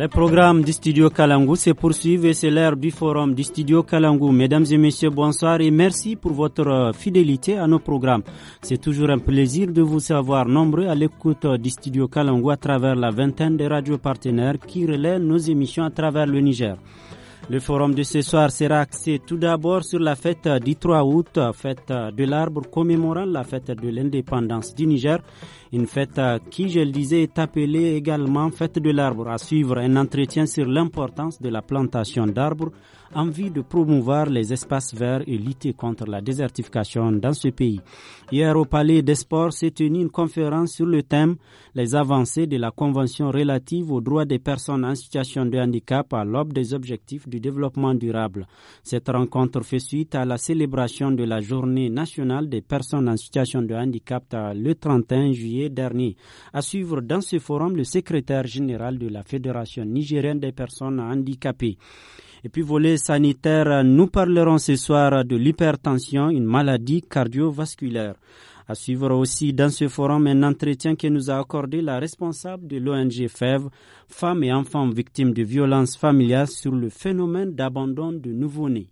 Le programme du Studio Kalangou se poursuivent et c'est l'heure du forum du Studio Kalangou. Mesdames et messieurs, bonsoir et merci pour votre euh, fidélité à nos programmes. C'est toujours un plaisir de vous savoir nombreux à l'écoute du Studio Kalangou à travers la vingtaine de radios partenaires qui relaient nos émissions à travers le Niger. Le forum de ce soir sera axé tout d'abord sur la fête du 3 août, fête de l'arbre commémorant la fête de l'indépendance du Niger, une fête qui, je le disais, est appelée également fête de l'arbre. À suivre un entretien sur l'importance de la plantation d'arbres envie de promouvoir les espaces verts et lutter contre la désertification dans ce pays. Hier au Palais des Sports s'est tenue une conférence sur le thème Les avancées de la Convention relative aux droits des personnes en situation de handicap à l'aube des objectifs du développement durable. Cette rencontre fait suite à la célébration de la journée nationale des personnes en situation de handicap le 31 juillet dernier. À suivre dans ce forum le secrétaire général de la Fédération nigérienne des personnes handicapées. Et puis volet sanitaire, nous parlerons ce soir de l'hypertension, une maladie cardiovasculaire. À suivre aussi dans ce forum un entretien que nous a accordé la responsable de l'ONG FEV, femmes et enfants victimes de violences familiales sur le phénomène d'abandon de nouveau-nés.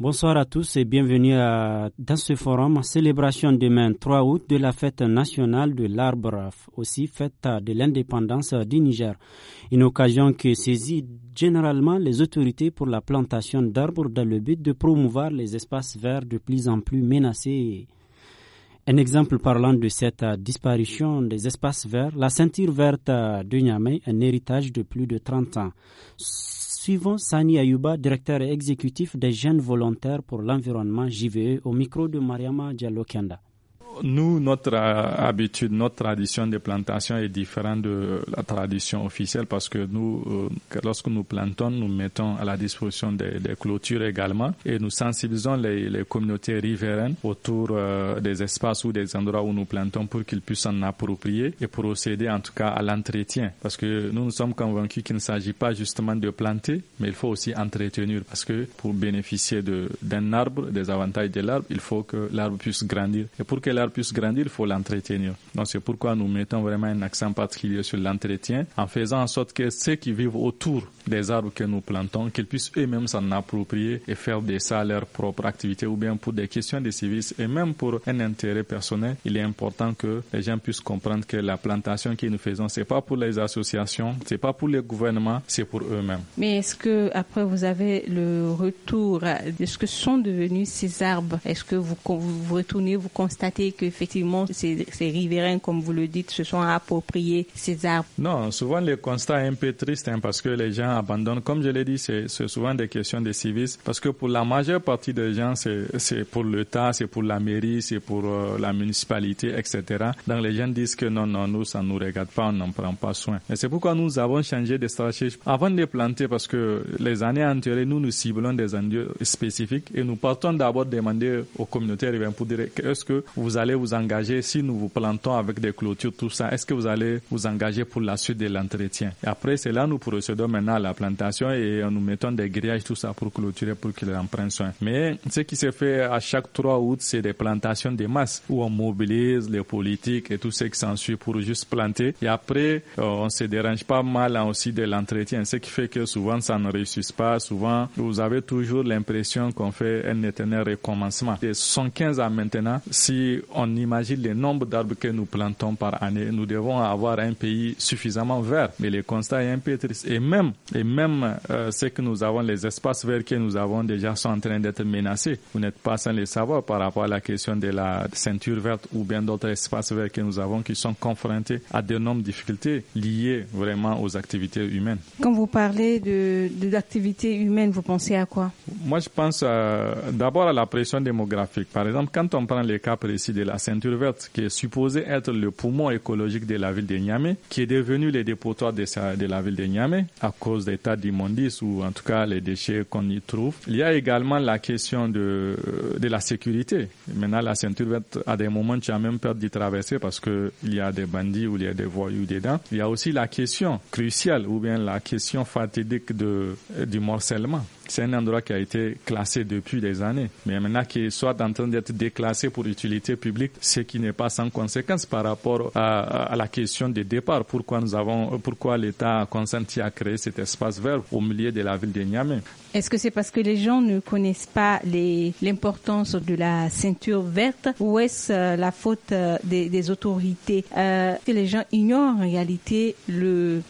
Bonsoir à tous et bienvenue à, dans ce forum célébration demain 3 août de la fête nationale de l'arbre, aussi fête de l'indépendance du Niger. Une occasion que saisit généralement les autorités pour la plantation d'arbres dans le but de promouvoir les espaces verts de plus en plus menacés. Un exemple parlant de cette disparition des espaces verts, la ceinture verte de Niamey, un héritage de plus de 30 ans. Suivons Sani Ayuba, directeur exécutif des jeunes volontaires pour l'environnement JVE, au micro de Mariama Diallo nous, notre euh, habitude, notre tradition de plantation est différente de la tradition officielle parce que nous, euh, lorsque nous plantons, nous mettons à la disposition des, clôtures également et nous sensibilisons les, les communautés riveraines autour euh, des espaces ou des endroits où nous plantons pour qu'ils puissent s'en approprier et procéder en tout cas à l'entretien parce que nous, nous sommes convaincus qu'il ne s'agit pas justement de planter, mais il faut aussi entretenir parce que pour bénéficier d'un arbre, des avantages de l'arbre, il faut que l'arbre puisse grandir et pour que l'arbre puisse grandir, il faut l'entretenir. Donc c'est pourquoi nous mettons vraiment un accent particulier sur l'entretien en faisant en sorte que ceux qui vivent autour des arbres que nous plantons, qu'ils puissent eux-mêmes s'en approprier et faire de ça leur propre activité ou bien pour des questions de service et même pour un intérêt personnel, il est important que les gens puissent comprendre que la plantation que nous faisons, c'est pas pour les associations, c'est pas pour les gouvernements, c'est pour eux-mêmes. Mais est-ce que après vous avez le retour de ce que sont devenus ces arbres Est-ce que vous, vous retournez, vous constatez qu'effectivement ces, ces riverains, comme vous le dites, se sont appropriés ces arbres Non, souvent le constat est un peu triste hein, parce que les gens Abandonne. Comme je l'ai dit, c'est souvent des questions de civisme parce que pour la majeure partie des gens, c'est pour l'État, c'est pour la mairie, c'est pour euh, la municipalité, etc. Donc les gens disent que non, non, nous, ça ne nous regarde pas, on n'en prend pas soin. Et c'est pourquoi nous avons changé de stratégie. Avant de planter, parce que les années antérieures, nous nous ciblons des endroits spécifiques et nous partons d'abord demander aux communautés riveraines eh pour dire est-ce que vous allez vous engager si nous vous plantons avec des clôtures, tout ça, est-ce que vous allez vous engager pour la suite de l'entretien. Et Après cela, nous procédons maintenant à la la plantation et en nous mettant des grillages, tout ça pour clôturer, pour qu'ils en prenne soin. Mais ce qui se fait à chaque 3 août, c'est des plantations de masse où on mobilise les politiques et tout ce qui s'ensuit pour juste planter. Et après, euh, on se dérange pas mal aussi de l'entretien, ce qui fait que souvent ça ne réussit pas. Souvent, vous avez toujours l'impression qu'on fait un éternel recommencement. De 115 ans maintenant, si on imagine le nombre d'arbres que nous plantons par année, nous devons avoir un pays suffisamment vert. Mais le constat est un peu triste. Et même et même euh, ce que nous avons, les espaces verts que nous avons déjà sont en train d'être menacés. Vous n'êtes pas sans le savoir par rapport à la question de la ceinture verte ou bien d'autres espaces verts que nous avons qui sont confrontés à de nombreuses difficultés liées vraiment aux activités humaines. Quand vous parlez d'activités de, d'activités humaines, vous pensez à quoi Moi, je pense euh, d'abord à la pression démographique. Par exemple, quand on prend le cas précis de la ceinture verte, qui est supposée être le poumon écologique de la ville de Niamey, qui est devenu le dépotoir de, de la ville de Niamey à cause des tas d'immondices ou en tout cas les déchets qu'on y trouve. Il y a également la question de, euh, de la sécurité. Maintenant, la ceinture verte, à des moments, tu as même peur d'y traverser parce que il y a des bandits ou il y a des voyous dedans. Il y a aussi la question cruciale ou bien la question fatidique de, euh, du morcellement c'est un endroit qui a été classé depuis des années, mais maintenant qu'il soit en train d'être déclassé pour utilité publique, ce qui n'est pas sans conséquence par rapport à, la question des départ. Pourquoi nous avons, pourquoi l'État a consenti à créer cet espace vert au milieu de la ville de Niamey Est-ce que c'est parce que les gens ne connaissent pas l'importance de la ceinture verte ou est-ce euh, la faute euh, des, autorités euh, que les gens ignorent en réalité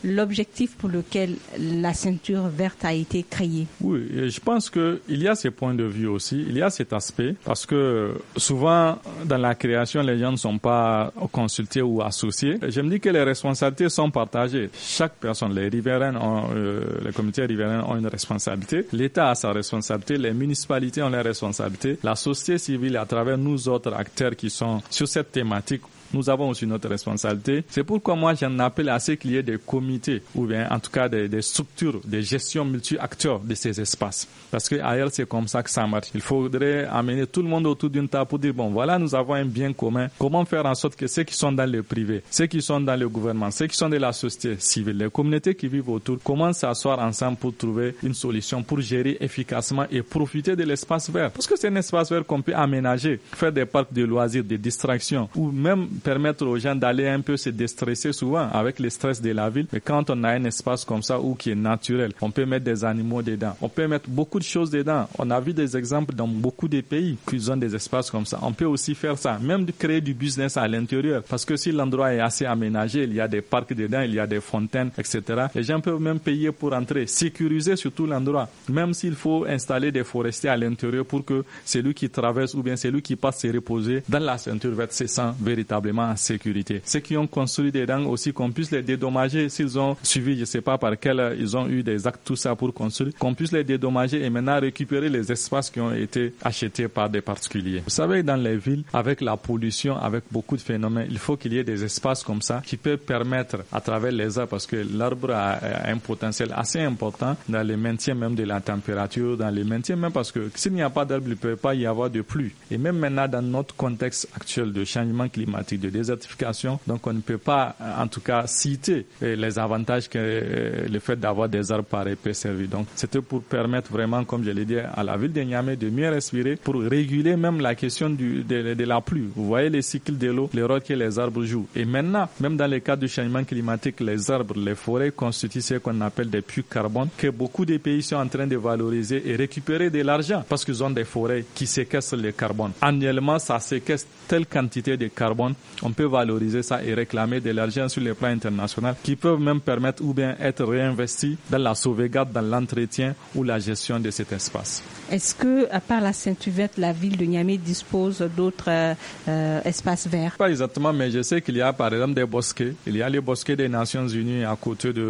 l'objectif pour lequel la ceinture verte a été créée Oui, je pense que il y a ces points de vue aussi, il y a cet aspect parce que souvent dans la création, les gens ne sont pas consultés ou associés. Je me dis que les responsabilités sont partagées. Chaque personne, les riverains, ont, euh, les comités riverains ont une responsabilité. L'État a sa responsabilité, les municipalités ont leur responsabilité, la société civile à travers nous autres acteurs qui sont sur cette thématique nous avons aussi notre responsabilité. C'est pourquoi moi j'en appelle à ce qu'il y ait des comités ou bien en tout cas des, structures de gestion multi-acteurs de ces espaces. Parce que ailleurs c'est comme ça que ça marche. Il faudrait amener tout le monde autour d'une table pour dire bon voilà nous avons un bien commun. Comment faire en sorte que ceux qui sont dans le privé, ceux qui sont dans le gouvernement, ceux qui sont de la société civile, les communautés qui vivent autour commencent à s'asseoir ensemble pour trouver une solution pour gérer efficacement et profiter de l'espace vert. Parce que c'est un espace vert qu'on peut aménager, faire des parcs de loisirs, des distractions ou même permettre aux gens d'aller un peu se déstresser souvent avec le stress de la ville. Mais quand on a un espace comme ça ou qui est naturel, on peut mettre des animaux dedans, on peut mettre beaucoup de choses dedans. On a vu des exemples dans beaucoup de pays qui ont des espaces comme ça. On peut aussi faire ça, même de créer du business à l'intérieur, parce que si l'endroit est assez aménagé, il y a des parcs dedans, il y a des fontaines, etc. Les gens peuvent même payer pour entrer, sécuriser surtout l'endroit, même s'il faut installer des forestiers à l'intérieur pour que celui qui traverse ou bien celui qui passe se reposer dans la ceinture verte se sent véritablement en sécurité. Ceux qui ont construit des dents aussi, qu'on puisse les dédommager s'ils ont suivi, je sais pas par quel, ils ont eu des actes, tout ça pour construire, qu'on puisse les dédommager et maintenant récupérer les espaces qui ont été achetés par des particuliers. Vous savez, dans les villes, avec la pollution, avec beaucoup de phénomènes, il faut qu'il y ait des espaces comme ça qui peuvent permettre à travers les arbres, parce que l'arbre a un potentiel assez important dans le maintien même de la température, dans le maintien même parce que s'il n'y a pas d'arbre, il ne peut pas y avoir de pluie. Et même maintenant, dans notre contexte actuel de changement climatique, de désertification. Donc on ne peut pas, en tout cas, citer eh, les avantages que eh, le fait d'avoir des arbres par peut servir. Donc c'était pour permettre vraiment, comme je l'ai dit, à la ville de Niamey de mieux respirer, pour réguler même la question du, de, la pluie. Vous voyez les cycles de l'eau, les rôles que les arbres jouent. Et maintenant, même dans le cas du changement climatique, les arbres, les forêts constituent ce qu'on appelle des puits carbone que beaucoup de pays sont en train de valoriser et récupérer de l'argent parce qu'ils ont des forêts qui séquestrent le carbone. Annuellement, ça séquestre telle quantité de carbone on peut valoriser ça et réclamer de l'argent sur les plans internationaux qui peuvent même permettre ou bien être réinvestis dans la sauvegarde, dans l'entretien ou la gestion de cet espace. Est-ce que, à part la ceinture, uvette la ville de Niamey dispose d'autres euh, euh, espaces verts Pas exactement, mais je sais qu'il y a par exemple des bosquets. Il y a les bosquets des Nations Unies à côté de,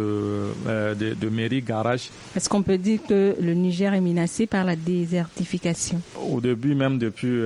euh, de, Mairie Garage. Est-ce qu'on peut dire que le Niger est menacé par la désertification Au début, même depuis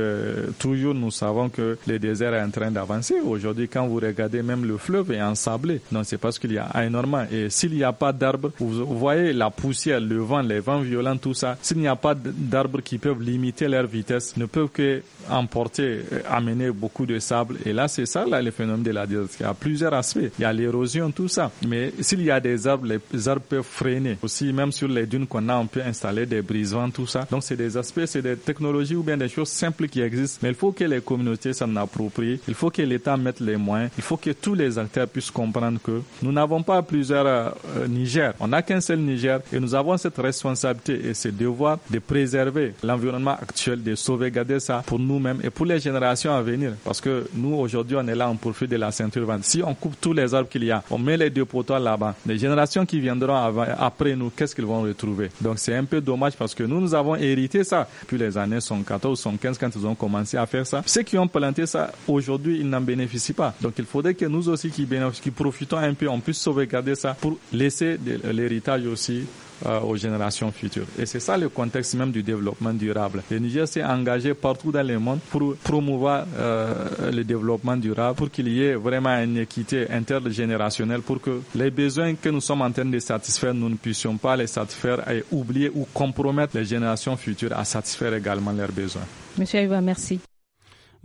toujours, nous savons que le désert est en train d'avancer Aujourd'hui, quand vous regardez même le fleuve est ensablé. Non, c'est parce qu'il y a énormément. Et s'il n'y a pas d'arbres, vous voyez la poussière, le vent, les vents violents, tout ça. S'il n'y a pas d'arbres qui peuvent limiter leur vitesse, ne peuvent que emporter, euh, amener beaucoup de sable. Et là, c'est ça, là, le phénomène de la désertification. Il y a plusieurs aspects. Il y a l'érosion, tout ça. Mais s'il y a des arbres, les arbres peuvent freiner. Aussi, même sur les dunes qu'on a, on peut installer des brise-vents tout ça. Donc, c'est des aspects, c'est des technologies ou bien des choses simples qui existent. Mais il faut que les communautés s'en approprient. Il faut que l'État mette les moyens. Il faut que tous les acteurs puissent comprendre que nous n'avons pas plusieurs euh, Niger. On n'a qu'un seul Niger et nous avons cette responsabilité et ce devoir de préserver l'environnement actuel, de sauvegarder ça pour nous-mêmes et pour les générations à venir. Parce que nous, aujourd'hui, on est là, en profit de la ceinture vente. Si on coupe tous les arbres qu'il y a, on met les deux poteaux là-bas, les générations qui viendront après nous, qu'est-ce qu'ils vont retrouver Donc c'est un peu dommage parce que nous, nous avons hérité ça. Puis les années 114, 115, quand ils ont commencé à faire ça, ceux qui ont planté ça, aujourd'hui, ils n'en bénéficient pas. Donc il faudrait que nous aussi qui, qui profitons un peu, on puisse sauvegarder ça pour laisser l'héritage aussi euh, aux générations futures. Et c'est ça le contexte même du développement durable. Le Niger s'est engagé partout dans le monde pour promouvoir euh, le développement durable, pour qu'il y ait vraiment une équité intergénérationnelle, pour que les besoins que nous sommes en train de satisfaire, nous ne puissions pas les satisfaire et oublier ou compromettre les générations futures à satisfaire également leurs besoins. Monsieur Aywa, merci.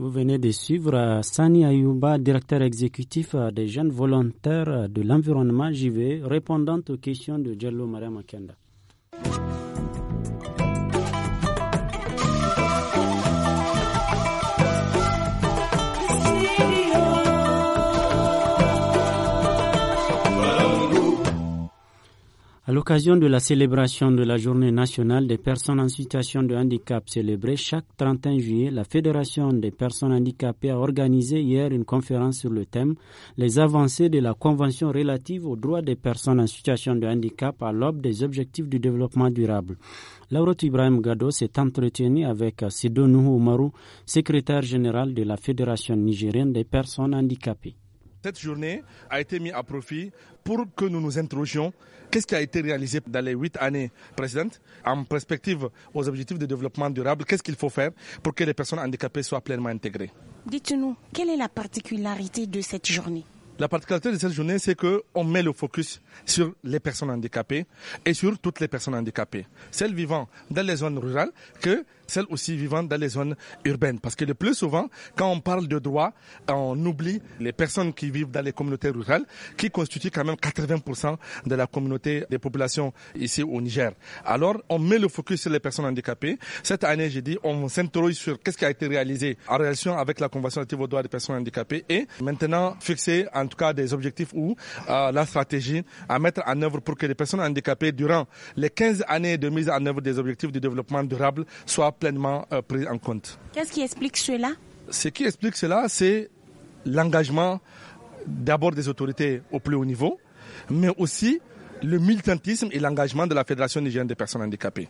Vous venez de suivre euh, Sani Ayouba, directeur exécutif euh, des jeunes volontaires euh, de l'environnement JV, e, répondant aux questions de Jello Maria Makenda. À l'occasion de la célébration de la Journée nationale des personnes en situation de handicap célébrée chaque 31 juillet, la Fédération des personnes handicapées a organisé hier une conférence sur le thème Les avancées de la Convention relative aux droits des personnes en situation de handicap à l'aube des objectifs du développement durable. Laurent Ibrahim Gado s'est entretenu avec Sido Nuhu secrétaire général de la Fédération nigérienne des personnes handicapées. Cette journée a été mise à profit pour que nous nous interrogions qu'est-ce qui a été réalisé dans les huit années précédentes en perspective aux objectifs de développement durable, qu'est-ce qu'il faut faire pour que les personnes handicapées soient pleinement intégrées. Dites-nous, quelle est la particularité de cette journée la particularité de cette journée, c'est qu'on met le focus sur les personnes handicapées et sur toutes les personnes handicapées, celles vivant dans les zones rurales que celles aussi vivant dans les zones urbaines. Parce que le plus souvent, quand on parle de droits on oublie les personnes qui vivent dans les communautés rurales, qui constituent quand même 80% de la communauté des populations ici au Niger. Alors, on met le focus sur les personnes handicapées. Cette année, j'ai dit, on s'interroge sur qu'est-ce qui a été réalisé en relation avec la Convention relative aux droits des personnes handicapées et maintenant fixer en tout cas des objectifs ou euh, la stratégie à mettre en œuvre pour que les personnes handicapées durant les 15 années de mise en œuvre des objectifs de développement durable soient pleinement euh, pris en compte. Qu'est-ce qui explique cela Ce qui explique cela, c'est l'engagement d'abord des autorités au plus haut niveau, mais aussi le militantisme et l'engagement de la Fédération nigérienne des personnes handicapées.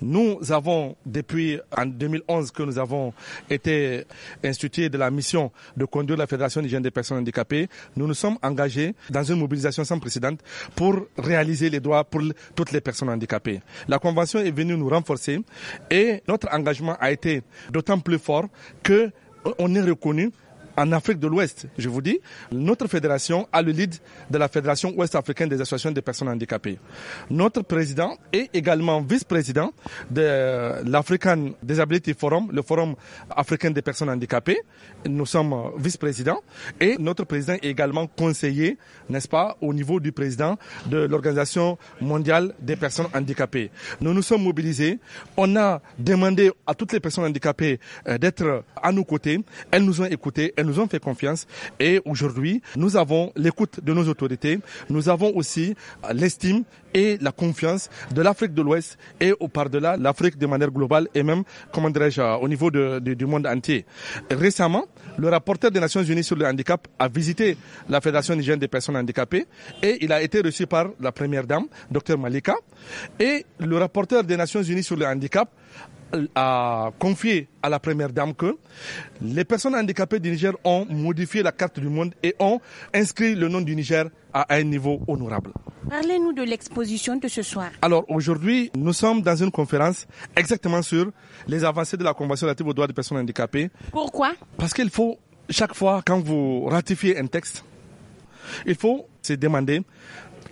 Nous avons, depuis en 2011 que nous avons été institués de la mission de conduire la Fédération des jeunes des personnes handicapées, nous nous sommes engagés dans une mobilisation sans précédent pour réaliser les droits pour toutes les personnes handicapées. La Convention est venue nous renforcer et notre engagement a été d'autant plus fort qu'on est reconnu en Afrique de l'Ouest, je vous dis, notre fédération a le lead de la Fédération ouest-africaine des associations des personnes handicapées. Notre président est également vice-président de l'African Disability Forum, le Forum africain des personnes handicapées. Nous sommes vice-présidents et notre président est également conseiller, n'est-ce pas, au niveau du président de l'Organisation mondiale des personnes handicapées. Nous nous sommes mobilisés. On a demandé à toutes les personnes handicapées euh, d'être à nos côtés. Elles nous ont écoutés nous ont fait confiance et aujourd'hui, nous avons l'écoute de nos autorités, nous avons aussi l'estime et la confiance de l'Afrique de l'Ouest et au par-delà l'Afrique de manière globale et même, comment dirais-je, euh, au niveau du monde entier. Récemment, le rapporteur des Nations Unies sur le handicap a visité la Fédération nigérienne des personnes handicapées et il a été reçu par la première dame, Dr Malika, et le rapporteur des Nations Unies sur le handicap a confié à la première dame que les personnes handicapées du Niger ont modifié la carte du monde et ont inscrit le nom du Niger à un niveau honorable. Parlez-nous de l'exposition de ce soir. Alors aujourd'hui, nous sommes dans une conférence exactement sur les avancées de la Convention relative aux droits des personnes handicapées. Pourquoi Parce qu'il faut, chaque fois, quand vous ratifiez un texte, il faut se demander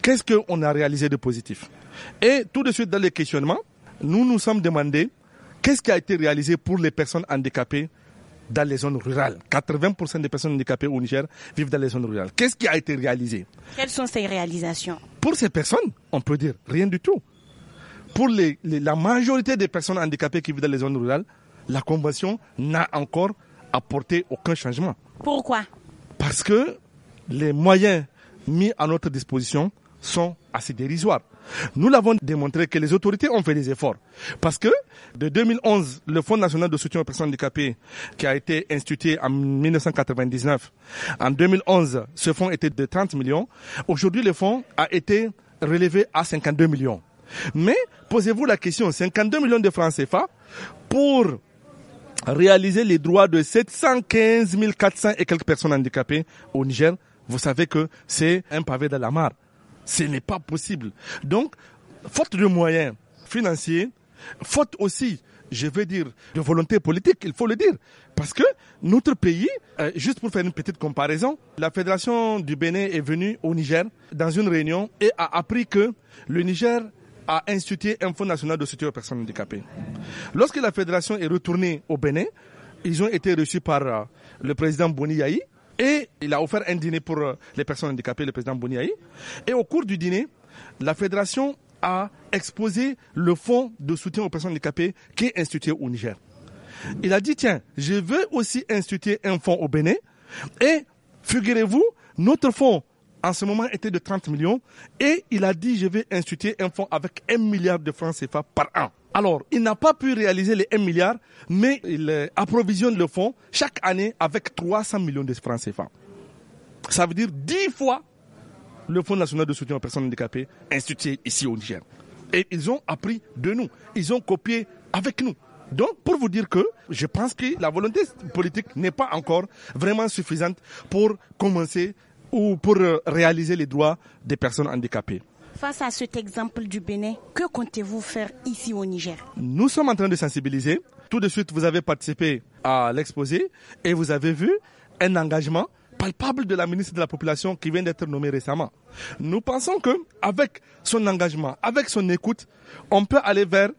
qu'est-ce qu'on a réalisé de positif. Et tout de suite, dans les questionnements, nous nous sommes demandés Qu'est-ce qui a été réalisé pour les personnes handicapées dans les zones rurales 80% des personnes handicapées au Niger vivent dans les zones rurales. Qu'est-ce qui a été réalisé Quelles sont ces réalisations Pour ces personnes, on peut dire rien du tout. Pour la majorité des personnes handicapées qui vivent dans les zones rurales, la Convention n'a encore apporté aucun changement. Pourquoi Parce que les moyens mis à notre disposition sont assez dérisoires. Nous l'avons démontré que les autorités ont fait des efforts. Parce que de 2011, le Fonds national de soutien aux personnes handicapées, qui a été institué en 1999, en 2011, ce fonds était de 30 millions. Aujourd'hui, le fonds a été relevé à 52 millions. Mais posez-vous la question, 52 millions de francs CFA pour réaliser les droits de 715 400 et quelques personnes handicapées au Niger, vous savez que c'est un pavé de la mare. Ce n'est pas possible. Donc, faute de moyens financiers, faute aussi, je veux dire, de volonté politique, il faut le dire. Parce que notre pays, euh, juste pour faire une petite comparaison, la Fédération du Bénin est venue au Niger dans une réunion et a appris que le Niger a institué un fonds national de soutien aux personnes handicapées. Lorsque la Fédération est retournée au Bénin, ils ont été reçus par euh, le président Boni Yahi, et il a offert un dîner pour euh, les personnes handicapées, le président Boniaï. Et au cours du dîner, la fédération a exposé le fonds de soutien aux personnes handicapées qui est institué au Niger. Il a dit, tiens, je veux aussi instituer un fonds au Bénin. Et figurez-vous, notre fonds en ce moment était de 30 millions et il a dit je vais instituer un fonds avec 1 milliard de francs CFA par an. Alors, il n'a pas pu réaliser les 1 milliard, mais il euh, approvisionne le fonds chaque année avec 300 millions de francs CFA. Ça veut dire 10 fois le Fonds national de soutien aux personnes handicapées institué ici au Niger. Et ils ont appris de nous. Ils ont copié avec nous. Donc, pour vous dire que je pense que la volonté politique n'est pas encore vraiment suffisante pour commencer ou pour euh, réaliser les droits des personnes handicapées. Face à cet exemple du Bénin, que comptez-vous faire ici au Niger Nous sommes en train de sensibiliser. Tout de suite, vous avez participé à l'exposé et vous avez vu un engagement palpable de la ministre de la Population qui vient d'être nommée récemment. Nous pensons que, avec son engagement, avec son écoute, on peut aller vers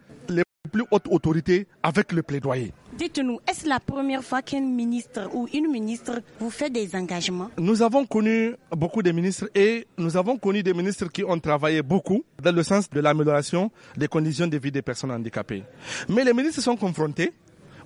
plus haute autorité avec le plaidoyer. Dites-nous, est-ce la première fois qu'un ministre ou une ministre vous fait des engagements Nous avons connu beaucoup de ministres et nous avons connu des ministres qui ont travaillé beaucoup dans le sens de l'amélioration des conditions de vie des personnes handicapées. Mais les ministres sont confrontés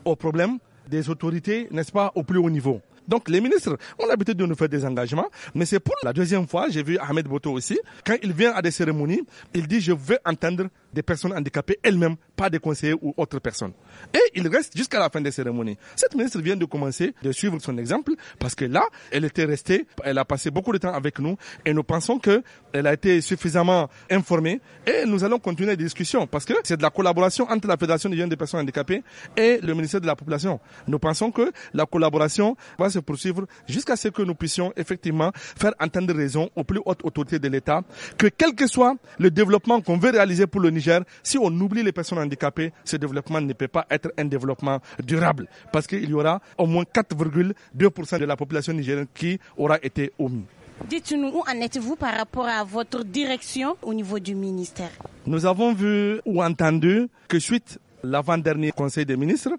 au problème des autorités, n'est-ce pas, au plus haut niveau. Donc les ministres ont l'habitude de nous faire des engagements, mais c'est pour la deuxième fois, j'ai vu Ahmed Boto aussi, quand il vient à des cérémonies, il dit je veux entendre des personnes handicapées elles-mêmes, pas des conseillers ou autres personnes. Et il reste jusqu'à la fin des cérémonies. Cette ministre vient de commencer de suivre son exemple parce que là, elle était restée, elle a passé beaucoup de temps avec nous et nous pensons que elle a été suffisamment informée et nous allons continuer les discussions parce que c'est de la collaboration entre la Fédération des jeunes des personnes handicapées et le ministère de la Population. Nous pensons que la collaboration va se poursuivre jusqu'à ce que nous puissions effectivement faire entendre raison aux plus hautes autorités de l'État que quel que soit le développement qu'on veut réaliser pour le Niger, si on oublie les personnes handicapées, ce développement ne peut pas être un développement durable parce qu'il y aura au moins 4,2% de la population nigérienne qui aura été omis. Dites-nous où en êtes-vous par rapport à votre direction au niveau du ministère Nous avons vu ou entendu que suite l'avant-dernier Conseil des ministres,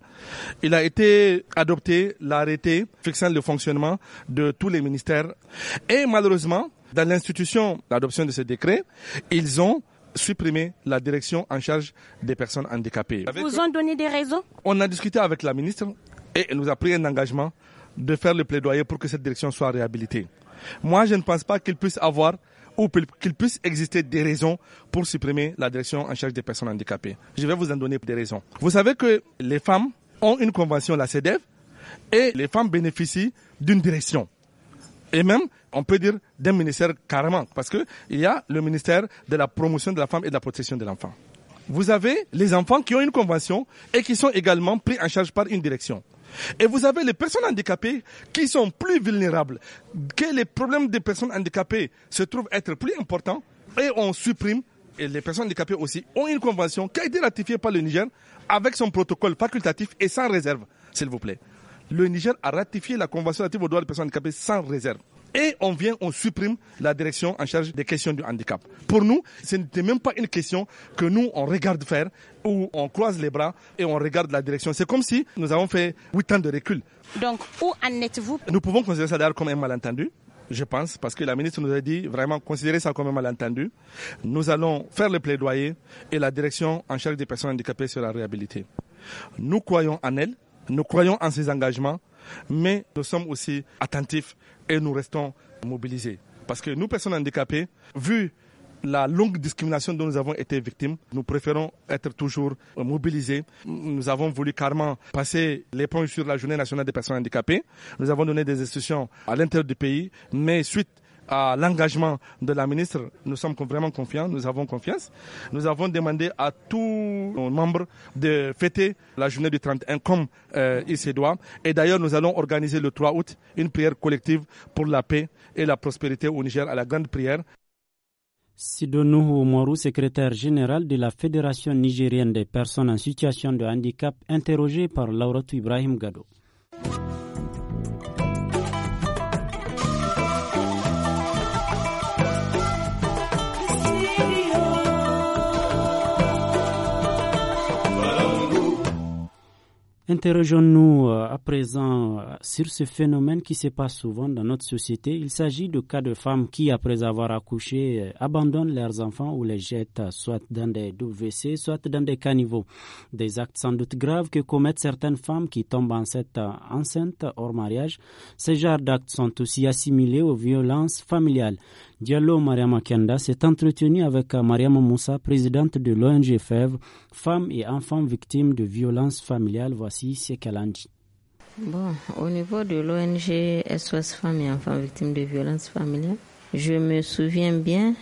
il a été adopté l'arrêté fixant le fonctionnement de tous les ministères. Et malheureusement, dans l'institution d'adoption de ce décret, ils ont supprimé la direction en charge des personnes handicapées. Vous ont donné des raisons On a discuté avec la ministre et elle nous a pris un engagement de faire le plaidoyer pour que cette direction soit réhabilitée. Moi, je ne pense pas qu'il puisse avoir ou qu'il puisse exister des raisons pour supprimer la direction en charge des personnes handicapées. Je vais vous en donner des raisons. Vous savez que les femmes ont une convention, la CEDEF, et les femmes bénéficient d'une direction. Et même, on peut dire, d'un ministère carrément, parce qu'il y a le ministère de la promotion de la femme et de la protection de l'enfant. Vous avez les enfants qui ont une convention et qui sont également pris en charge par une direction. Et vous avez les personnes handicapées qui sont plus vulnérables, que les problèmes des personnes handicapées se trouvent être plus importants et on supprime. Et les personnes handicapées aussi ont une convention qui a été ratifiée par le Niger avec son protocole facultatif et sans réserve, s'il vous plaît. Le Niger a ratifié la convention relative aux droits des personnes handicapées sans réserve et on vient, on supprime la direction en charge des questions du handicap. Pour nous, ce n'était même pas une question que nous, on regarde faire, où on croise les bras et on regarde la direction. C'est comme si nous avons fait huit ans de recul. Donc, où en êtes-vous Nous pouvons considérer ça d'ailleurs comme un malentendu. Je pense, parce que la ministre nous a dit vraiment considérer ça comme un malentendu. Nous allons faire le plaidoyer et la direction en charge des personnes handicapées sera réhabilité. Nous croyons en elle, nous croyons en ses engagements, mais nous sommes aussi attentifs et nous restons mobilisés. Parce que nous, personnes handicapées, vu la longue discrimination dont nous avons été victimes, nous préférons être toujours mobilisés. Nous avons voulu carrément passer les l'éponge sur la journée nationale des personnes handicapées. Nous avons donné des instructions à l'intérieur du pays, mais suite à l'engagement de la ministre, nous sommes vraiment confiants, nous avons confiance. Nous avons demandé à tous nos membres de fêter la journée du 31 comme euh, il se doit. Et d'ailleurs, nous allons organiser le 3 août une prière collective pour la paix et la prospérité au Niger à la grande prière. Sidonou Mourou, secrétaire général de la Fédération nigérienne des personnes en situation de handicap, interrogé par Laurent Ibrahim Gado. Interrogeons-nous euh, à présent euh, sur ce phénomène qui se passe souvent dans notre société. Il s'agit de cas de femmes qui, après avoir accouché, euh, abandonnent leurs enfants ou les jettent soit dans des WC, soit dans des caniveaux. Des actes sans doute graves que commettent certaines femmes qui tombent enceintes enceinte hors mariage. Ces genres d'actes sont aussi assimilés aux violences familiales. Diallo Mariama Kenda s'est entretenu avec Mariama Moussa, présidente de l'ONG FEV, Femmes et enfants victimes de violences familiales. Voici ce qu'elle a dit. Bon, au niveau de l'ONG SOS Femmes et enfants victimes de violences familiales, je me souviens bien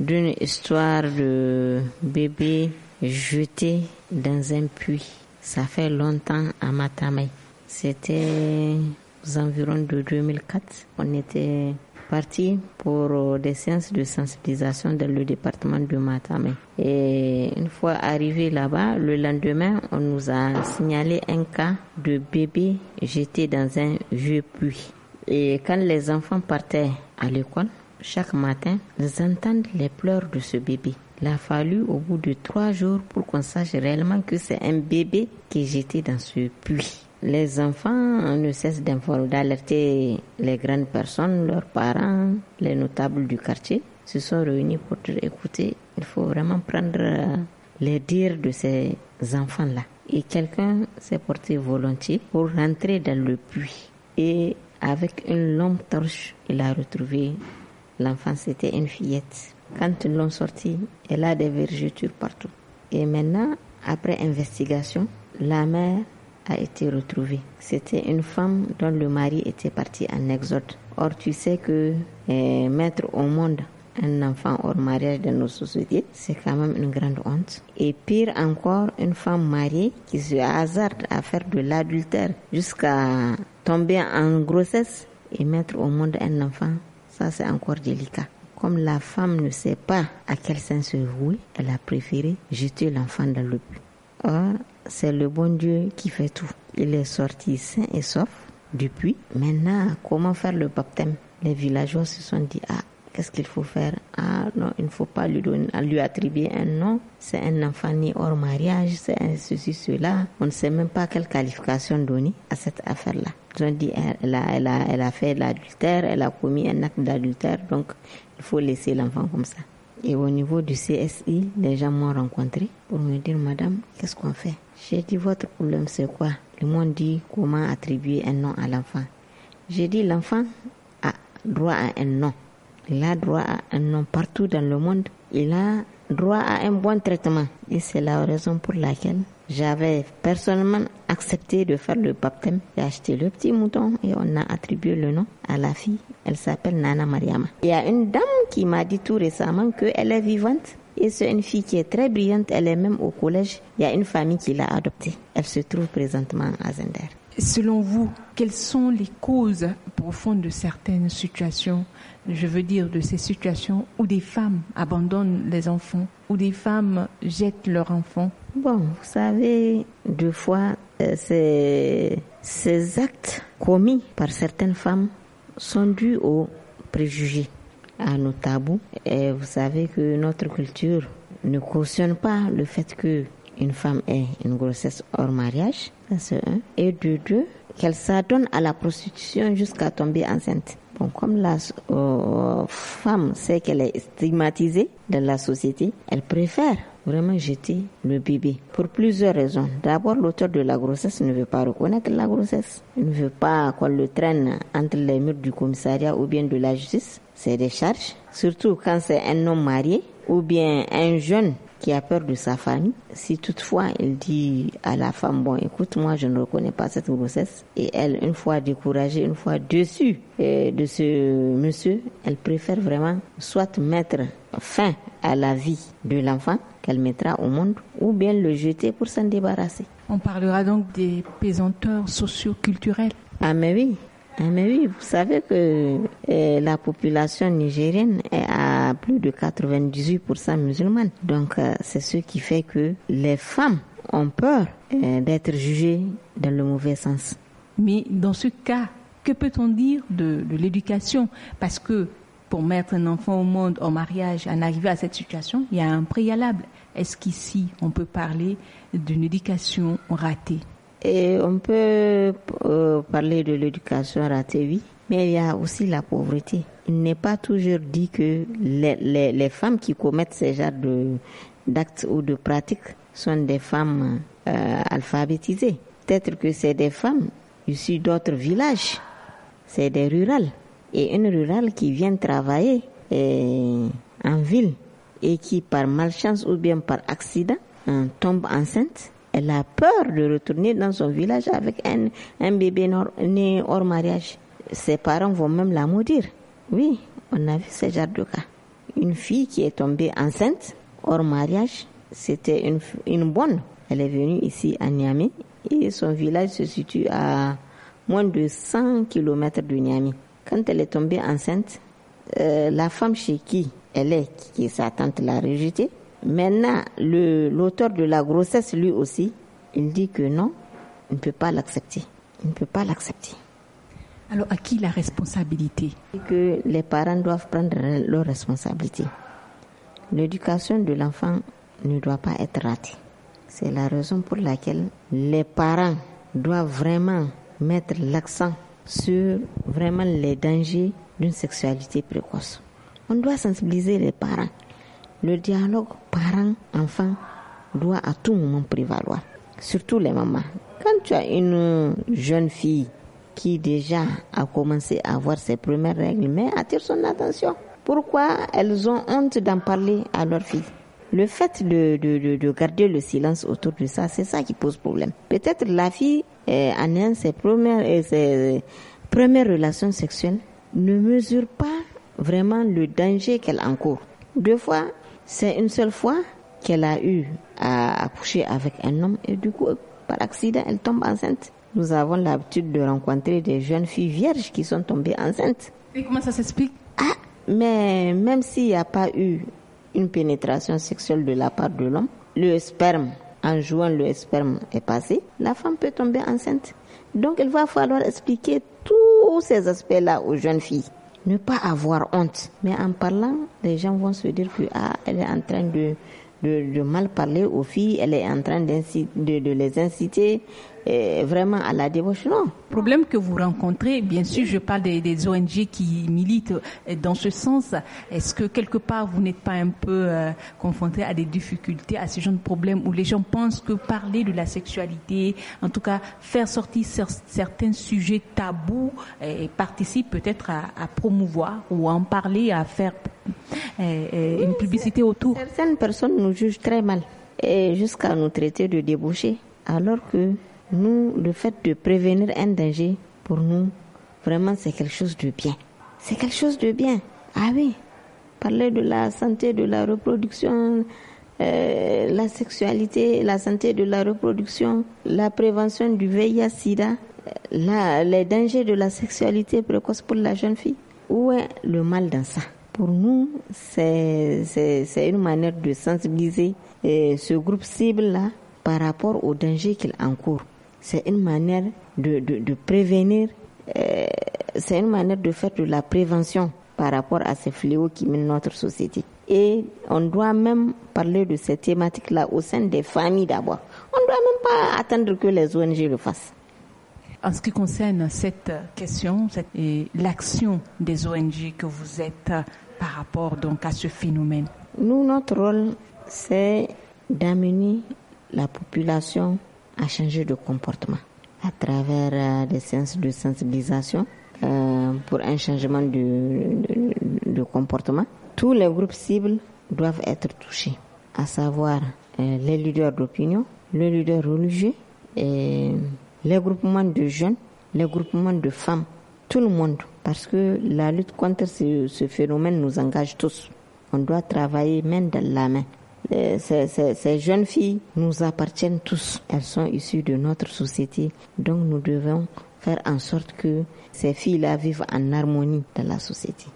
d'une histoire de bébé jeté dans un puits. Ça fait longtemps à Matamai. C'était aux environs de 2004. On était parti pour euh, des séances de sensibilisation dans le département du Matame. Et une fois arrivé là-bas, le lendemain, on nous a signalé un cas de bébé jeté dans un vieux puits. Et quand les enfants partaient à l'école, chaque matin, ils entendent les pleurs de ce bébé. Il a fallu au bout de trois jours pour qu'on sache réellement que c'est un bébé qui est jeté dans ce puits les enfants ne cessent d'informer, d'alerter les grandes personnes, leurs parents, les notables du quartier se sont réunis pour écouter. Il faut vraiment prendre euh, les dires de ces enfants-là. Et quelqu'un s'est porté volontiers pour rentrer dans le puits. Et avec une longue torche, il a retrouvé l'enfant, c'était une fillette. Quand ils l'ont sortie, elle a des vergetures partout. Et maintenant, après investigation, la mère a été retrouvée. C'était une femme dont le mari était parti en exode. Or, tu sais que eh, mettre au monde un enfant hors mariage dans nos sociétés, c'est quand même une grande honte. Et pire encore, une femme mariée qui se hasarde à faire de l'adultère jusqu'à tomber en grossesse et mettre au monde un enfant, ça c'est encore délicat. Comme la femme ne sait pas à quel sens se vouer, elle a préféré jeter l'enfant dans le but. Hein, c'est le bon Dieu qui fait tout. Il est sorti sain et sauf depuis. Maintenant, comment faire le baptême Les villageois se sont dit, ah, qu'est-ce qu'il faut faire Ah non, il ne faut pas lui, donner, lui attribuer un nom. C'est un enfant né hors mariage, c'est un ceci, cela. On ne sait même pas quelle qualification donner à cette affaire-là. Ils ont dit, elle a, elle a fait l'adultère, elle a commis un acte d'adultère, donc il faut laisser l'enfant comme ça. Et au niveau du CSI, les gens m'ont rencontré pour me dire, Madame, qu'est-ce qu'on fait J'ai dit, votre problème, c'est quoi Le monde dit, comment attribuer un nom à l'enfant J'ai dit, l'enfant a droit à un nom. Il a droit à un nom partout dans le monde. Il a droit à un bon traitement. Et c'est la raison pour laquelle j'avais personnellement accepté de faire le baptême. J'ai acheté le petit mouton et on a attribué le nom à la fille. Elle s'appelle Nana Mariama. Il y a une dame qui m'a dit tout récemment qu'elle est vivante. Et c'est une fille qui est très brillante. Elle est même au collège. Il y a une famille qui l'a adoptée. Elle se trouve présentement à Zender. Selon vous, quelles sont les causes profondes de certaines situations je veux dire, de ces situations où des femmes abandonnent les enfants, où des femmes jettent leurs enfants Bon, vous savez, deux fois, euh, ces, actes commis par certaines femmes sont dus aux préjugés, à nos tabous. Et vous savez que notre culture ne cautionne pas le fait que une femme ait une grossesse hors mariage, c'est un. Et de deux, qu'elle s'adonne à la prostitution jusqu'à tomber enceinte comme la euh, femme sait qu'elle est stigmatisée dans la société, elle préfère vraiment jeter le bébé pour plusieurs raisons. D'abord, l'auteur de la grossesse ne veut pas reconnaître la grossesse. Il ne veut pas qu'on le traîne entre les murs du commissariat ou bien de la justice. C'est des charges. Surtout quand c'est un homme marié ou bien un jeune qui a peur de sa famille, si toutefois il dit à la femme, bon, écoute, moi je ne reconnais pas cette grossesse, et elle, une fois découragée, une fois dessus euh, de ce monsieur, elle préfère vraiment soit mettre fin à la vie de l'enfant qu'elle mettra au monde, ou bien le jeter pour s'en débarrasser. On parlera donc des pesanteurs socioculturels. Ah mais oui, eh, mais oui, vous savez que eh, la population nigérienne est à plus de 98% musulmane. Donc euh, c'est ce qui fait que les femmes ont peur eh, d'être jugées dans le mauvais sens. Mais dans ce cas, que peut-on dire de, l'éducation Parce que pour mettre un enfant au monde, au mariage, en arriver à cette situation, il y a un préalable. Est-ce qu'ici, on peut parler d'une éducation ratée on peut euh, parler de l'éducation ratée, mais il y a aussi la pauvreté. Il n'est pas toujours dit que les, les, femmes qui commettent ces genres d'actes ou de pratiques sont des femmes euh, alphabétisées. Peut-être que c'est des femmes issues d'autres villages, c'est des rurales. Et une rurale qui vient travailler euh, en ville et qui par malchance ou bien par accident hein, tombe enceinte elle a peur de retourner dans son village avec un, un bébé né hors mariage. Ses parents vont même la maudire. Oui, on a vu ce genre de cas. Une fille qui est tombée enceinte hors mariage, c'était une, une bonne. Elle est venue ici à Niamey et son village se situe à moins de 100 kilomètres de Niamey. Quand elle est tombée enceinte, euh, la femme chez qui elle est, qui est sa tante, l'a rejetée. Maintenant, l'auteur de la grossesse, lui aussi, il dit que non, il ne peut pas l'accepter. Il ne peut pas l'accepter. Alors, à qui la responsabilité Que les parents doivent prendre leurs responsabilités. L'éducation de l'enfant ne doit pas être ratée. C'est la raison pour laquelle les parents doivent vraiment mettre l'accent sur vraiment les dangers d'une sexualité précoce. On doit sensibiliser les parents le dialogue parent-enfant doit à tout moment prévaloir. Surtout les mamans. Quand tu as une jeune fille qui déjà a commencé à avoir ses premières règles, mais attire son attention. Pourquoi elles ont honte d'en parler à leur fille Le fait de, de, garder le silence autour de ça, c'est ça qui pose problème. Peut-être la fille, euh, en ayant ses premières, euh, ses euh, premières relations sexuelles, ne mesure pas vraiment le danger qu'elle encourt. Deux fois, c'est une seule fois qu'elle a eu à accoucher avec un homme et du coup, par accident, elle tombe enceinte. Nous avons l'habitude de rencontrer des jeunes filles vierges qui sont tombées enceintes. Et comment ça s'explique ah, mais même s'il n'y a pas eu une pénétration sexuelle de la part de l'homme, le sperme, en jouant le sperme est passé, la femme peut tomber enceinte. Donc, il va falloir expliquer tous ces aspects-là aux jeunes filles ne pas avoir honte. Mais en parlant, les gens vont se dire que ah, elle est en train de, de, mal parler aux filles, elle est en train de, de les inciter vraiment à la débauche. Non. problème que vous rencontrez, bien sûr, je parle des, ONG qui militent euh, dans ce sens. Est-ce que quelque part, vous n'êtes pas un peu euh, confronté à des difficultés, à ce genre de problème où les gens pensent que parler de la sexualité, en tout cas faire sortir certains sujets tabous, euh, et participe peut-être à, promouvoir ou en parler, à faire une publicité autour Certaines personnes nous jugent très mal jusqu'à nous traiter de débauchés alors que nous, le fait de prévenir un danger, pour nous, vraiment, c'est quelque chose de bien. C'est quelque chose de bien. Ah oui. Parler de la santé, de la reproduction, euh, la sexualité, la santé de la reproduction, la prévention du VIH-Sida, les dangers de la sexualité précoce pour la jeune fille. Où est le mal dans ça Pour nous, c'est une manière de sensibiliser euh, ce groupe cible-là par rapport aux dangers qu'il encourt c'est une manière de, prévenir, euh, c'est une manière de faire de la prévention par rapport à ces fléaux qui minent notre société. Et on doit même parler de ces thématiques-là au sein des familles d'abord. On ne doit même pas attendre que les ONG le fassent. En ce qui concerne cette question, l'action des ONG que vous êtes euh, par rapport donc à ce phénomène Nous, notre rôle, c'est d'amener la population à changer de comportement à travers euh, des séances de sensibilisation euh, pour un changement de, de, comportement. Tous les groupes cibles doivent être touchés, à savoir euh, les leaders d'opinion, les leaders religieux, et les groupements de jeunes, les groupements de femmes, tout le monde, parce que la lutte contre ce, ce phénomène nous engage tous. On doit travailler main dans la main. Euh, ces, jeunes filles nous appartiennent tous. Elles sont issues de notre société. Donc nous devons faire en sorte que ces filles-là vivent en harmonie dans la société.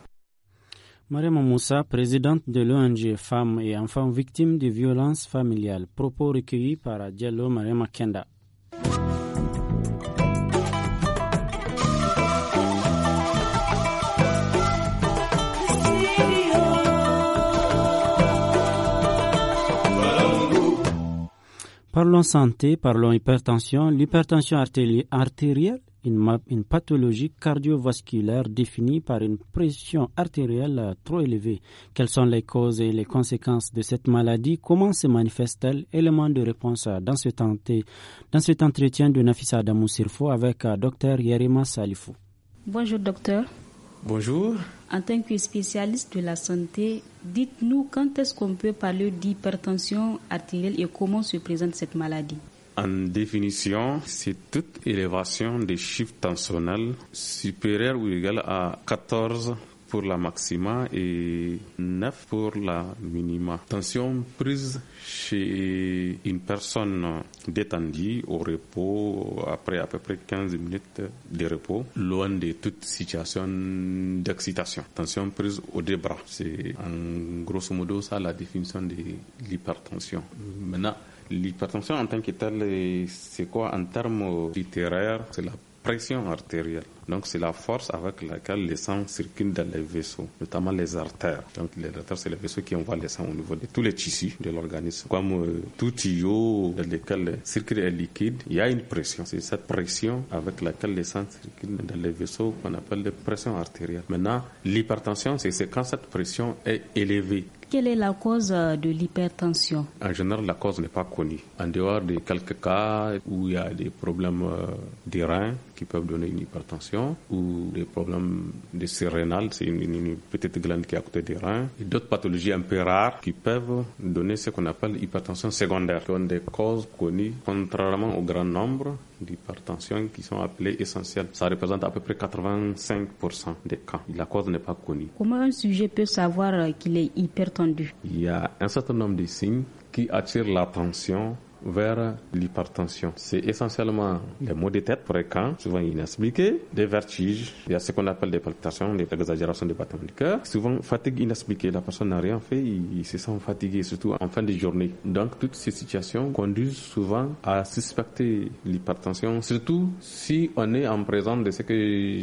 Mariam Moussa, présidente de l'ONG Femmes et Enfants Victimes de Violences Familiales, propos recueillis par Diallo Mariam Kenda. Parlons santé, parlons hypertension. L'hypertension artérielle, une, une pathologie cardiovasculaire définie par une pression artérielle trop élevée. Quelles sont les causes et les conséquences de cette maladie Comment se manifeste-t-elle Élément de réponse dans, ce cet entretien de Nafisa Damoussirfo Sirfo avec Dr Yerima Salifou. Bonjour docteur. Bonjour. En tant que spécialiste de la santé, dites-nous quand est-ce qu'on peut parler d'hypertension artérielle et comment se présente cette maladie en définition, c'est toute élévation des chiffres tensionnels supérieure ou égale à 14 pour la maxima et 9 pour la minima. Tension prise chez une personne détendue au repos après à peu près 15 minutes de repos, loin de toute situation d'excitation. Tension prise aux deux bras. C'est en grosso modo ça la définition de l'hypertension. Maintenant, l'hypertension en tant que telle, c'est quoi en termes littéraires C'est la pression artérielle. Donc c'est la force avec laquelle le sang circule dans les vaisseaux, notamment les artères. Donc les artères, c'est les vaisseaux qui envoient le sang au niveau de tous les tissus de l'organisme. Comme euh, tout tuyau dans lequel le circuit est liquide, il y a une pression. C'est cette pression avec laquelle le sang circule dans les vaisseaux qu'on appelle la pression artérielle. Maintenant, l'hypertension, c'est quand cette pression est élevée. Quelle est la cause euh, de l'hypertension En général, la cause n'est pas connue. En dehors de quelques cas où il y a des problèmes euh, des reins, qui peuvent donner une hypertension ou des problèmes de sérénal, c'est une, petite glande qui est à côté des reins, et d'autres pathologies un peu rares qui peuvent donner ce qu'on appelle hypertension secondaire, qui ont des causes connues, contrairement au grand nombre d'hypertensions qui sont appelées essentielles. Ça représente à peu près 85% des cas. La cause n'est pas connue. Comment un sujet peut savoir qu'il est hypertendu Il y a un certain nombre de signes qui attirent l'attention vers l'hypertension. C'est essentiellement les maux de tête fréquents, souvent inexpliqués, des vertiges, il y a ce qu'on appelle des palpitations, des exagérations des battements du cœur, souvent fatigue inexpliquée, la personne n'a rien fait, il, se sent fatigué, surtout en fin de journée. Donc toutes ces situations conduisent souvent à suspecter l'hypertension, surtout si on est en présence de ce que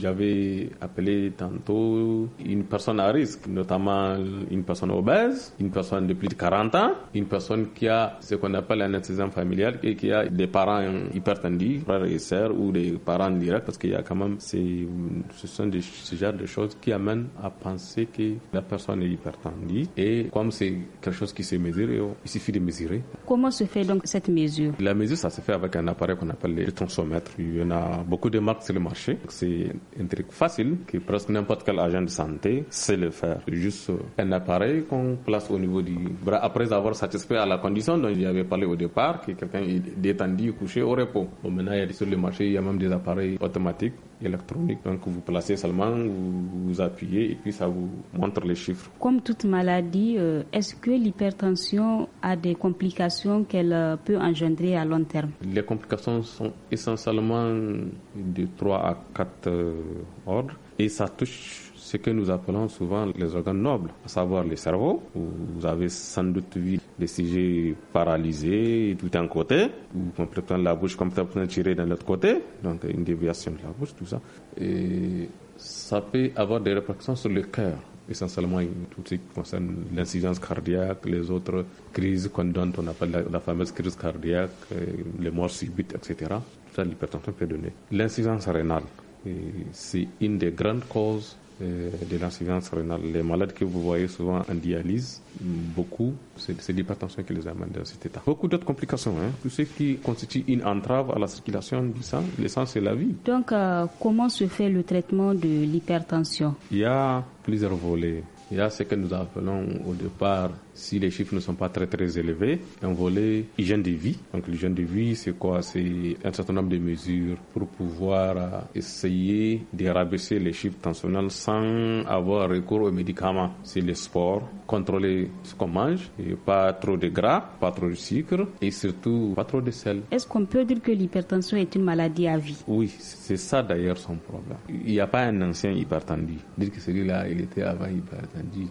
j'avais appelé tantôt une personne à risque, notamment une personne obèse, une personne de plus de 40 ans, une personne qui a ce qu'on appelle pas l'anesthésie familiale et qu'il y a des parents hypertendus, hein, frères et sœurs ou des parents directs parce qu'il y a quand même ce sont des, ce genre de choses qui amènent à penser que la personne est hypertendue et comme c'est quelque chose qui se mesure, il suffit de mesurer. Comment se fait donc cette mesure La mesure, ça se fait avec un appareil qu'on appelle le tonsomètre. Il y en a beaucoup de marques sur le marché. C'est un truc facile que presque n'importe quel agent de santé sait le faire. Juste un appareil qu'on place au niveau du bras après avoir satisfait à la condition dont j'avais parlé au départ, que quelqu'un est détendu, couché au repos. maintenant, il y a, sur le marché, il y a même des appareils automatiques, électroniques. Donc, vous placez seulement, vous, vous appuyez et puis ça vous montre les chiffres. Comme toute maladie, euh, est-ce que l'hypertension a des complications qu'elle euh, peut engendrer à long terme Les complications sont essentiellement de 3 à 4 euh, ordres et ça touche ce que nous appelons souvent les organes nobles, à savoir cerveau, où Vous avez sans doute vu des sujets paralysés tout d'un côté, ou complètement la bouche complètement tirée d'un autre côté, donc une déviation de la bouche, tout ça. Et ça peut avoir des répercussions sur le cœur, essentiellement tout ce qui concerne l'incidence cardiaque, les autres crises qu'on donne, on appelle la, fameuse crise cardiaque, euh, les morts subites, etc. Ça, l'hypertension peut donner. L'incidence rénale, c'est une des grandes causes de l'insuffisance rénale. Les malades que vous voyez souvent en dialyse, beaucoup, c'est l'hypertension qui les amène dans cet état. Beaucoup d'autres complications, hein. tout ce qui constitue une entrave à la circulation du sang, le sang c'est la vie. Donc euh, comment se fait le traitement de l'hypertension Il y a plusieurs volets. Il y a ce que nous appelons au départ si les chiffres ne sont pas très très élevés. Un volet hygiène de vie. Donc l'hygiène de vie, c'est quoi C'est un certain nombre de mesures pour pouvoir euh, essayer de rabaisser les chiffres tensionnels sans avoir recours aux médicaments. C'est le sport, contrôler ce qu'on mange, pas trop de gras, pas trop de sucre et surtout pas trop de sel. Est-ce qu'on peut dire que l'hypertension est une maladie à vie Oui, c'est ça d'ailleurs son problème. Il n'y a pas un ancien hypertendu. Dire que celui-là, il était avant hypertendu.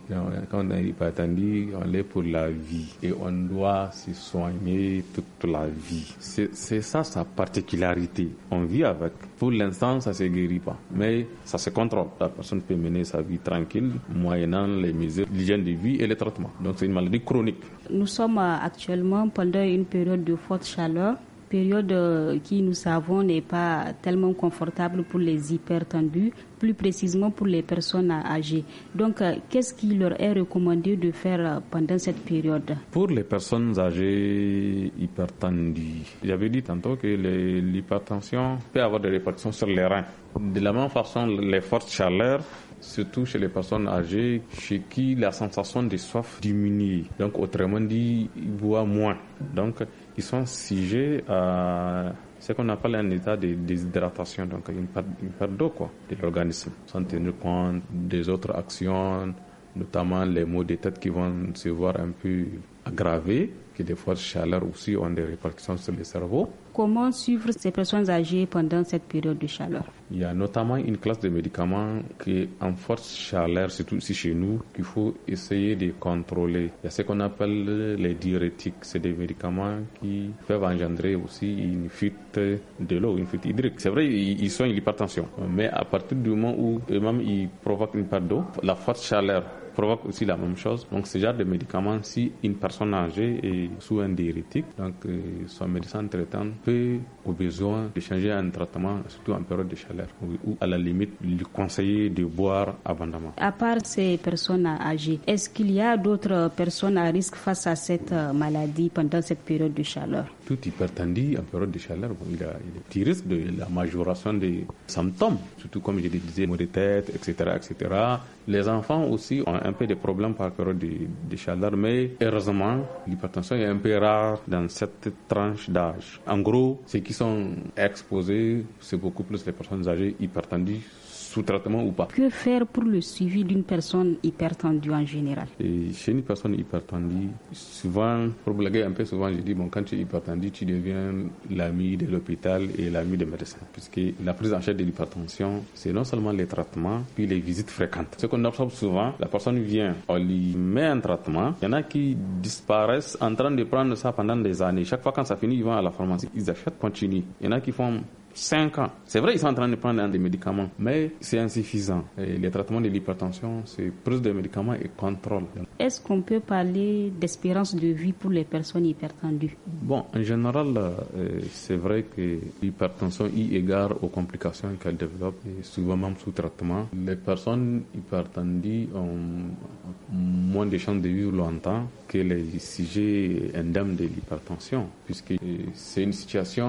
Quand on est hypertendu, on pour la vie et on doit se soigner toute la vie. C'est ça sa particularité. On vit avec. Pour l'instant, ça se guérit pas, mais ça se contrôle. La personne peut mener sa vie tranquille, moyennant les mesures d'hygiène de vie et les traitements. Donc c'est une maladie chronique. Nous sommes euh, actuellement pendant une période de forte chaleur période euh, qui, nous savons, n'est pas tellement confortable pour les hypertendus, plus précisément pour les personnes âgées. Donc, euh, qu'est-ce qui leur est recommandé de faire euh, pendant cette période Pour les personnes âgées hypertendues, j'avais dit tantôt que l'hypertension peut avoir des répercussions sur les reins. De la même façon, les fortes chaleurs surtout chez les personnes âgées, chez qui la sensation de soif diminue. Donc, autrement dit, ils boivent moins. Donc, qui sont sujets à ce qu'on appelle un état de déshydratation, donc une perte, d'eau quoi, de l'organisme, sans tenir compte des autres actions, notamment les maux de tête qui vont se voir un peu aggravés, qui des fois chaleur aussi ont des répercussions sur le cerveau. Comment suivre ces personnes âgées pendant cette période de chaleur Il y a notamment une classe de médicaments qui, en forte chaleur, surtout ici chez nous, qu'il faut essayer de contrôler. Il y a ce qu'on appelle les diurétiques. C'est des médicaments qui peuvent engendrer aussi une fuite de l'eau, une fuite hydrique. C'est vrai, ils soignent l'hypertension. Mais à partir du moment où même mêmes ils provoquent une perte d'eau, la forte chaleur provoque aussi la même chose. Donc ce genre de médicaments, si une personne âgée est sous un diurétique, donc euh, son médecin traitant peut au besoin de changer un traitement, surtout en période de chaleur, ou à la limite lui conseiller de boire abondamment. À part ces personnes âgées, est-ce qu'il y a d'autres personnes à risque face à cette euh, maladie pendant cette période de chaleur tout hypertendie en période de chaleur, il, y a, il petit risque de la majoration des symptômes, surtout comme je le disais, maux de tête, etc., etc. Les enfants aussi ont un peu de problèmes par période de, de chaleur, mais heureusement, l'hypertension est un peu rare dans cette tranche d'âge. En gros, ceux qui sont exposés, c'est beaucoup plus les personnes âgées hypertendues traitement ou pas. Que faire pour le suivi d'une personne hypertendue en général Et Chez une personne hypertendue, souvent, pour blaguer un peu, souvent je dis, bon, quand tu es hypertendu, tu deviens l'ami de l'hôpital et l'ami des médecins. Puisque la prise en charge de l'hypertension, c'est non seulement les traitements, puis les visites fréquentes. Ce qu'on observe souvent, la personne vient, on lui met un traitement. Il y en a qui disparaissent en train de prendre ça pendant des années. Chaque fois quand ça finit, ils vont à la pharmacie, ils achètent, continuent. Il y en a qui font 5 ans. C'est vrai, ils sont en train de prendre des médicaments, mais c'est insuffisant. Et les traitements de l'hypertension, c'est plus de médicaments et contrôle. Est-ce qu'on peut parler d'espérance de vie pour les personnes hypertendues Bon, en général, euh, c'est vrai que l'hypertension, y égard aux complications qu'elle développe, et souvent même sous traitement, les personnes hypertendues ont moins de chances de vivre longtemps que les sujets indemnes de l'hypertension, puisque euh, c'est une situation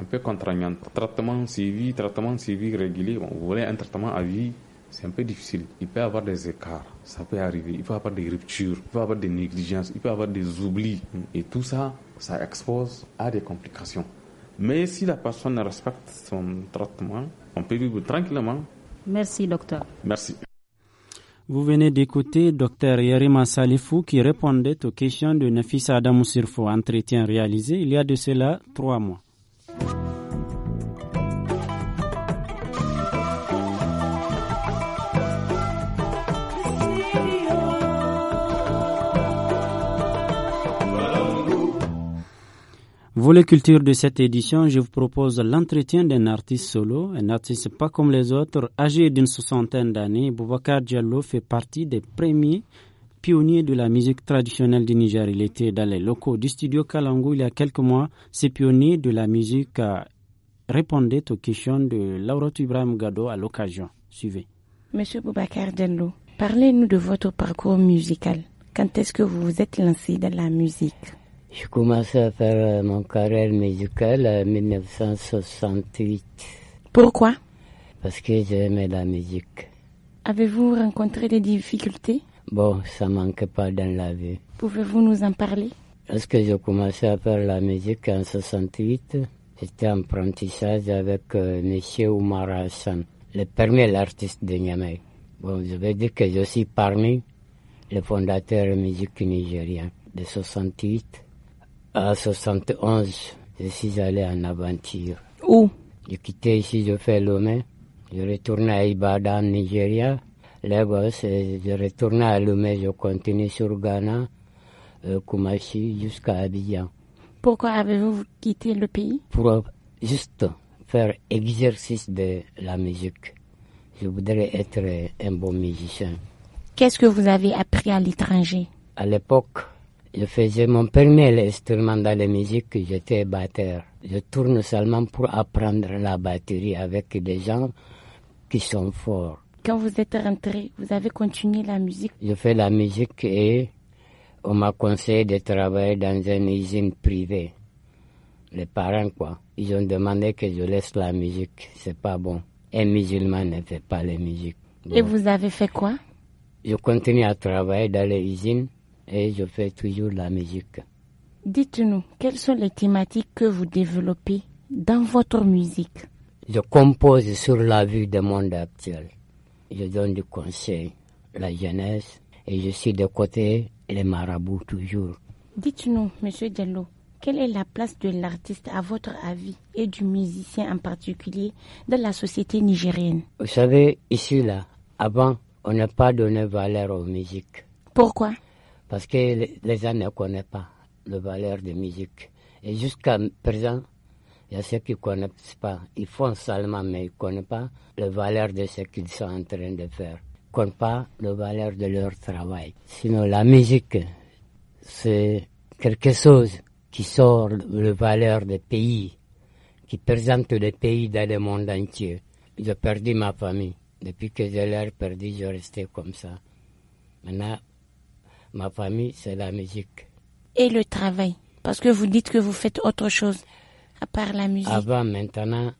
un peu contraignante traitement suivi, traitement suivi régulier, vous voulez un traitement à vie, c'est un peu difficile. Il peut y avoir des écarts, ça peut arriver. Il peut y avoir des ruptures, il peut y avoir des négligences, il peut y avoir des oublis. Et tout ça, ça expose à des complications. Mais si la personne respecte son traitement, on peut vivre tranquillement. Merci, docteur. Merci. Vous venez d'écouter docteur Yerima Salifou qui répondait aux questions de Nafisa Adam Sirfo, entretien réalisé il y a de cela trois mois. les culture de cette édition, je vous propose l'entretien d'un artiste solo, un artiste pas comme les autres, âgé d'une soixantaine d'années. Boubacar Diallo fait partie des premiers pionniers de la musique traditionnelle du Niger. Il était dans les locaux du studio Kalangu il y a quelques mois. Ces pionniers de la musique euh, répondaient aux questions de Laurent Ibrahim Gado à l'occasion. Suivez. Monsieur Boubacar Diallo, parlez-nous de votre parcours musical. Quand est-ce que vous vous êtes lancé dans la musique je commençais à faire euh, mon carrière musicale en 1968. Pourquoi Parce que j'aimais la musique. Avez-vous rencontré des difficultés Bon, ça manque pas dans la vie. Pouvez-vous nous en parler Lorsque j'ai commencé à faire la musique en 68, j'étais en apprentissage avec euh, M. Oumar Hassan, le premier artiste de Niamey. Bon, je vais dire que je suis parmi les fondateurs de musique nigériens de 68 à 71, je suis allé en aventure. Où J'ai quitté ici, je fais Lomé. Je retournais à Ibadan, Nigeria, Lagos, et je retournais à Lomé, je continue sur Ghana, euh, Kumasi jusqu'à Abidjan. Pourquoi avez-vous quitté le pays Pour juste faire exercice de la musique. Je voudrais être un bon musicien. Qu'est-ce que vous avez appris à l'étranger À l'époque, je faisais mon premier instrument dans la musique, j'étais batteur. Je tourne seulement pour apprendre la batterie avec des gens qui sont forts. Quand vous êtes rentré, vous avez continué la musique Je fais la musique et on m'a conseillé de travailler dans une usine privée. Les parents, quoi. Ils ont demandé que je laisse la musique. C'est pas bon. Un musulman ne fait pas la musique. et vous avez fait quoi Je continue à travailler dans les usines et je fais toujours la musique. Dites-nous, quelles sont les thématiques que vous développez dans votre musique Je compose sur la vue du monde actuel. Je donne du conseil à la jeunesse et je suis de côté les marabouts toujours. Dites-nous, Monsieur Diallo, quelle est la place de l'artiste à votre avis et du musicien en particulier dans la société nigérienne Vous savez, ici là, avant, on n'a pas donné valeur aux musiques. Pourquoi parce que les gens ne connaissent pas le valeur de musique. Et jusqu'à présent, il y a ceux qui ne connaissent pas. Ils font seulement, mais ils ne connaissent pas la valeur de ce qu'ils sont en train de faire. Ils ne connaissent pas la valeur de leur travail. Sinon, la musique, c'est quelque chose qui sort la valeur des pays, qui présente les pays dans le monde entier. J'ai perdu ma famille. Depuis que j'ai l'ai perdu, je restais comme ça. Maintenant, ma famille, c'est la musique. Et le travail Parce que vous dites que vous faites autre chose à part la musique. Avant, maintenant,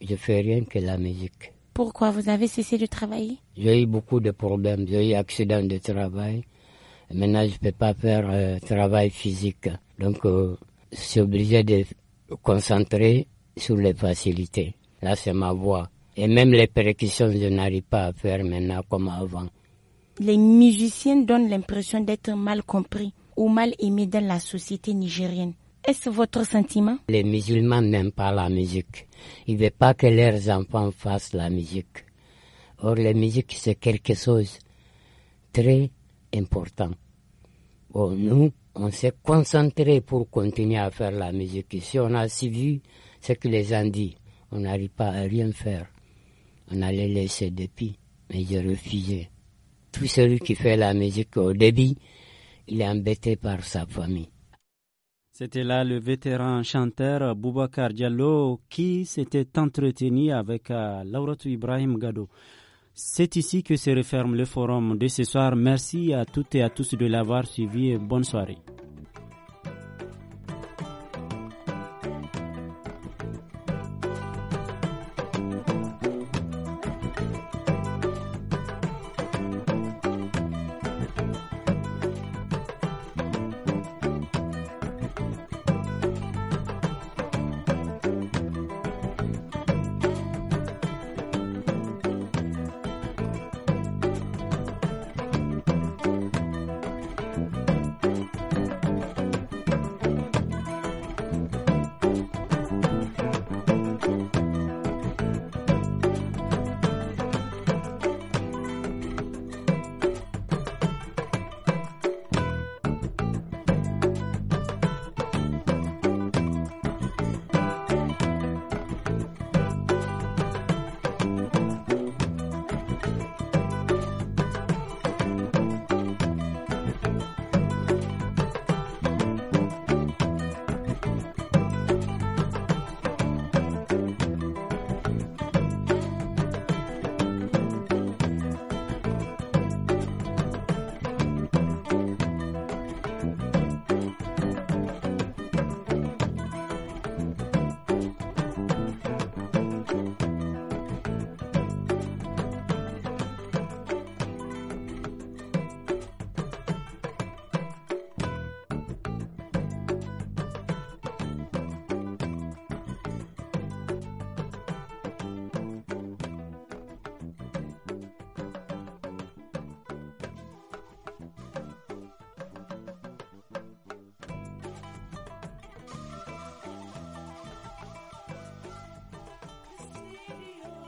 je fais rien que la musique. Pourquoi Vous avez cessé de travailler J'ai eu beaucoup de problèmes. J'ai eu accident de travail. Maintenant, je ne peux pas faire euh, travail physique. Donc, euh, je suis obligé de concentrer sur les facilités. Là, c'est ma voix. Et même les percussions, je n'arrive pas à faire maintenant comme avant les musiciens donnent l'impression d'être mal compris ou mal aimés dans la société nigérienne. Est-ce votre sentiment Les musulmans n'aiment pas la musique. Ils ne veulent pas que leurs enfants fassent la musique. Or, la musique, c'est quelque chose très important. nous, on s'est concentrés pour continuer à faire la musique. Si on a suivi ce que les gens disent, on n'arrive pas à rien faire. On allait laisser depuis, mais ils refusé. Tout celui qui fait la musique au débit, il est embêté par sa famille. C'était là le vétéran chanteur Boubacar Diallo qui s'était entretenu avec euh, Laura Ibrahim Gado. C'est ici que se referme le forum de ce soir. Merci à toutes et à tous de l'avoir suivi et bonne soirée.